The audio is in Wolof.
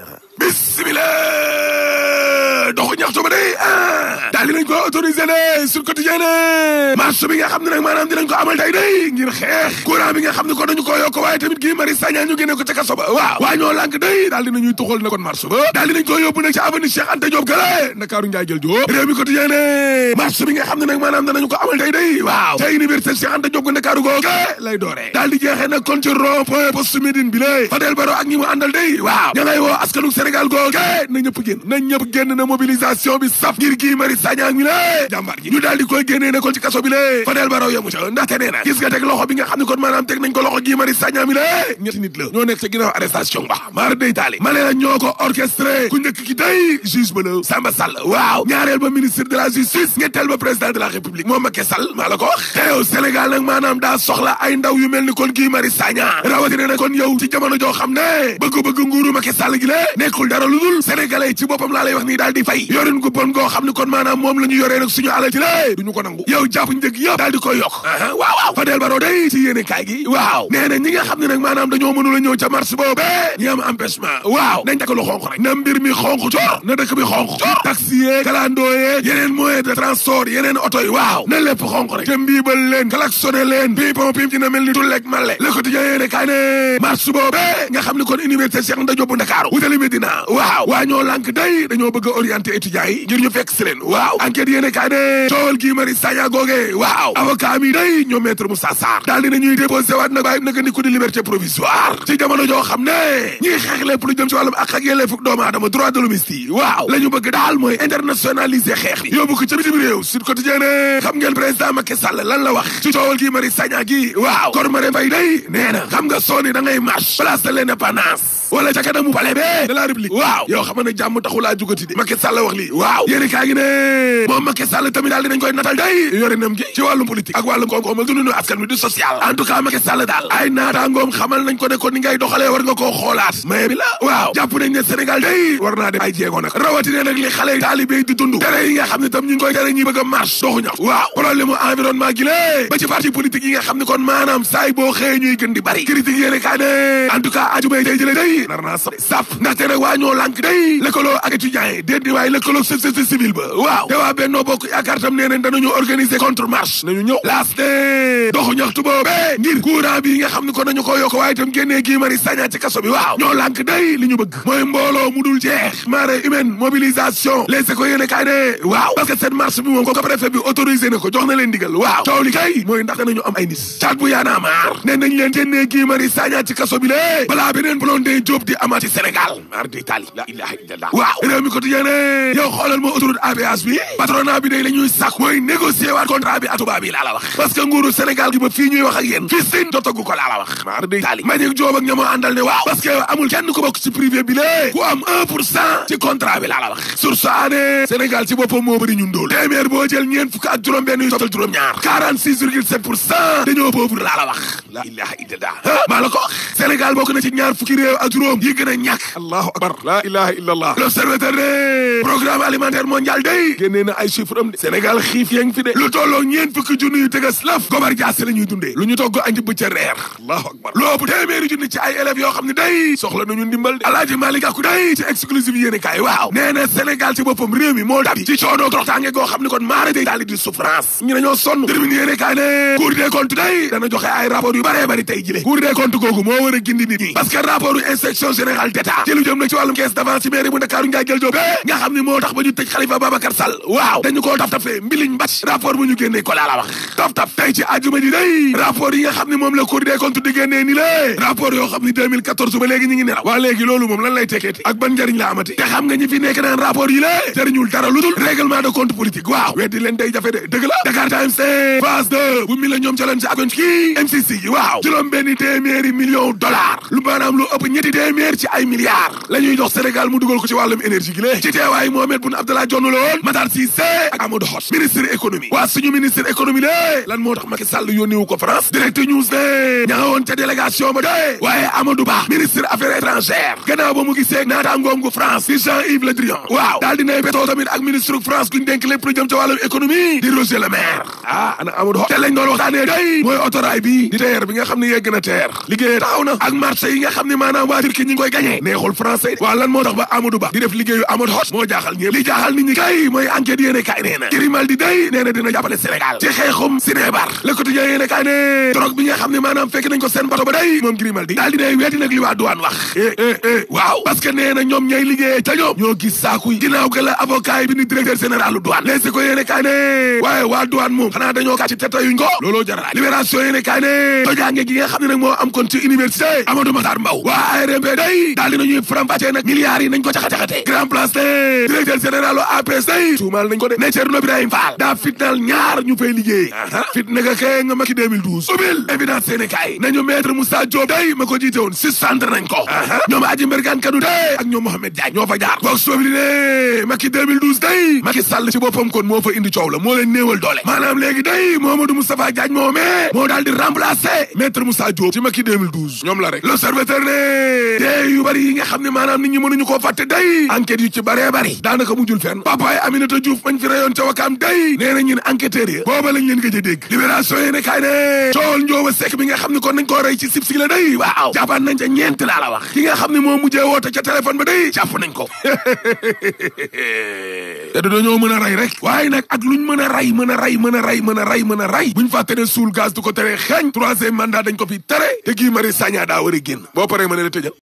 dara bismillah doxu ñaxtu ba de ko autorisé ne sur quotidien ne marche bi nga xam ne nag maanaam dinañ ko amal tey day ngir xeex courant bi nga xam ne ko dañu ko yokk waaye tamit gii mari sagna ñu génne ko ca kaso ba waaw waa ñoo lànk day daal dinañuy tuxal na kon marche ba daal dinañ ko yóbbu nag ci avenue Cheikh Anta Diop gale Ndakaaru njaay jël Diop réew mi quotidien ne marche nga xam ne nag maanaam danañu ko amal tey day waaw ca université Cheikh Anta Diop gu Ndakaaru googa lay dooree lay Fadel Baro ak ñi na mi le jàmbaar ñu daal di koy génnee ne ko ci kaso bi le Fadel Barro yamu ca ndaxte nee na gis nga teg loxo bi nga xam ne kon maanaam teg nañ ko loxo Guy Marius Sagna mi le ñetti nit la ñoo nekk ca ginnaaw arrestation ba maar day taali ma ne la ñoo ko orchestré ku njëkk ki day juge ba la Samba Sall waaw ñaareel ba ministre de la justice ñetteel ba président de la république moom Macky Sall maa la ko wax te yow Sénégal nag maanaam daa soxla ay ndaw yu mel ni kon Guy Marius Sagna rawatina nag kon yow ci jamono joo xam ne bëgg-bëgg nguuru Macky Sall gi le nekkul dara lu dul sénégalais ci boppam laa lay wax nii daal di fay yorin gu bon goo xam kon maanaam moom moom la ñu yoree suñu alal ci lée du ñu ko nangu yow jàpp ñu dëgg yëpp daal koy yokk waaw waaw Fadel Barro day ci yéene kaay gi waaw nee ñi nga xam ne nag maanaam dañoo mënul a ñëw ca marche boobu ñi am xonq rek na mi xonq cor na dëkk bi xonq cor taxi yee kalandoo yee yeneen yi waaw na lépp xonq rek te mbiibal leen klaxonné leen pi pom pim dina mel ni tulleeg malle le quotidien yéene kaay ne marche boobu nga xam ne kon université Cheikh Anta Diop Ndakaaru wutali Medina waaw waa ñoo lànk day dañoo bëgg a orienté étudiants yi ngir ñu fekk si leen enquête yéene kaay ne coowal Guy Marius Sagna googe waaw avocat mi day ñoom maître Moussa Sarr daal dina ñuy déposé waat nag waaye naka ni ko di liberté provisoire ci jamono joo xam ne ñiy xeex lépp lu jëm ci wàllum ak ak yelleefu doomu aadama droit de l'hommiste waaw la ñu bëgg daal mooy internationaliser xeex bi yóbbu ko ci lan la wax ci coowal Guy Marius Sagna gi waaw Kor Marème Faye day nee xam nga sooni da ngay marche place de l'indépendance wala ca kanamu palais bi de la république waaw yoo xam ne jàmm taxulaa jugati de Macky Sall wax lii waaw yéeni kaa ngi ne moom Macky Sall tamit daal dinañ koy natal day yore nam gi ci wàllum politique ak wàllum koom-koomal dundinu askan wi du social en tout cas daal ay naataangoom xamal nañ ko ne ko ni ngay doxalee war xoolaat mais bi waaw jàpp nañ ne Sénégal day war naa ay jéego nag rawatina nag li xale taalibe di dund tere yi nga xam ne tam ñu ngi koy tere nga xam ne kon maanaam saay boo xëye ñuy day nar naa sax saf ndaxte nag waa ñoo lànk day lëkkaloo ak étudiants yi déet di waaye lëkkaloo société civile ba waaw te waa Benno Bokk Yaakaar tam nee nañ danañu organiser contre marche nañu ñëw laas de doxu ñaxtu boobu ngir courant bi nga xam ne ko nañu ko yokk waaye itam génnee Guy Marius Sagna ci kaso bi waaw ñoo lànk day bi moom ko préfet bi autorisé na ko jox na leen digal waaw coow kay mooy ndax danañu am ay nit caat bu yaanaa maar ne nañ leen génnee Guy Marius Diop di amaat ci Sénégal mar di la waaw réew mi quotidien yow xoolal moo autoroute à péage bi patronat bi day la ñuy sàkk mooy négocier waat contrat bi atuba wax parce nguuru Sénégal gi ba fii ñuy wax fi sin dotagu ko la wax mar di Italie Mbagnick Diop ak ñamoo àndal ne waaw parce amul kenn ku bokk ci privé bi ku am un pour cent ci contrat la wax sur Sénégal ci boppam moo bëri ñun dóol téeméer boo jël ñeen fukk ak juróom benn yu total juróom ñaar 46,7 Sénégal bokk na ci ñaar fukki réew ak juróom yi gën a ñàkk allahu akbar la ilaha illallah l'observateur ne programme alimentaire mondial day génnee na ay chiffre am de Sénégal xiif yaa ngi fi de lu tolloo ñeen fukki junni yu tëgas laf gobar jaas la ñuy dundee lu ñu togg añdi bëcca reer allahu akbar lu ëpp téeméeri junni ci ay élèves yoo xam ne day soxla nañu ndimbal de alaaji Malick Gakou day ci exclusive yéene kaay waaw nee na Sénégal ci boppam réew mi moo dabi ci coonoo toroxtaange goo xam ne kon maara day daal di souffrance ñu dañoo sonn termine yéene kaay ne Cour des comptes day dana joxe ay rapport yu bëree bëri tey jile Cour des comptes googu moo war parce que rapport u inspection générale ci lu jëm nag ci wàllum caisse d'avance ci mairie bu Ndakaaru Ndiaye Gueye nga xam ni moo tax ba ñu tëj Khalifa Babacar Sall waaw dañu koo taf tafee mbiliñ mbac rapport bu ñu génnee ko laa wax taf taf tey ci àjjuma ji day rapport yi nga xam ne moom la Cour des di génnee ni lée rapport yoo xam ni ba léegi ñu ngi nelaw waa léegi loolu moom lan lay tekkeeti ak ban njëriñ la amati te xam nga ñi fi nekk naan dollars lu maanaam lu ëpp ñetti téeméer ci ay milliards la ñuy jox Sénégal mu dugal ko ci wàllum énergie gi lée ci teewaayu Mohamed Boun Abdallah Dionne la woon Matar Cissé ak Amadou Hott ministre économie waa suñu ministre économie lée lan moo tax Macky Sall yónni wu ko France direct news ne ña ca délégation ba dee waaye Amadou Ba ministre affaires étrangères gannaaw ba mu gisee naataangoom gu France di Jean-Yves Le Drian waaw daal dinay bétoo tamit noonu ak marché yi nga xam ne maanaam waa Turquie ñi ngi koy gañee moo jaaxal ñëpp li jaaxal nit ñi kay mooy enquête yéene kaay nee na Grimaldi day nee dina jàppale Sénégal ci xeexum Sinébar Le Quotidien yéene kaay ne drogue bi nga xam ne maanaam fekk nañ ko seen bato ba day moom Grimaldi daal dinay weeti nag li waa douane wax eh eh, eh. waaw parce que nee ñoom ñay liggéeyee ca ñoom ñoo gis saakuy ginnaaw ga la yi bi ni directeur général lu douane les de Amadou Makhtar Mbow waa ARMP day daal dina ñuy faram-fàccee nag milliards yi nañ ko caxa-caxate grand place de directeur général u APS day tuumaal nañ ko de ne Thierno Ibrahima Fall daa fitnaal ñaar ñu fay liggéey aa fit naka kee nga Macky 2012 ubil évidence Sénégal nañu maître Moussa Diop day ma ko jiite woon suspendre nañ ko aa ñoom aji mbergaan kadu day ak ñoom Mohamed Diagne ñoo fa jaar box sobi li ne Macky 2012 day Macky day Mamadou Moustapha Diagne ñoom la rek l'observateur ne dee yu bëri yi nga xam ne maanaam nit ñi mënuñu koo fàtte day enquête yu ci bëree bëri daanaka mujjul fenn papaay Aminata Diouf mañ fi rayoon ca wakaam day nee na ñun enquêteurs yi booba lañ leen gëj a dégg libération yi ne kaay ne coowal njooba sekk bi nga xam ne kon nañ koo rey ci sib si la day waaw jàppaan nañ ca ñeent laa la wax ki nga xam ne moo mujjee woote ca téléphone ba day jàpp nañ ko te dañoo mën a rey rek waaye nag ak luñ mën a rey mën a rey mën a rey mën a rey mën a rey buñ fàtte ne suul gaz du ko tere xeeñ troisième mandat dañ ko fi tere te Guy Marius Sagna yaa daa war a génn boo paree ma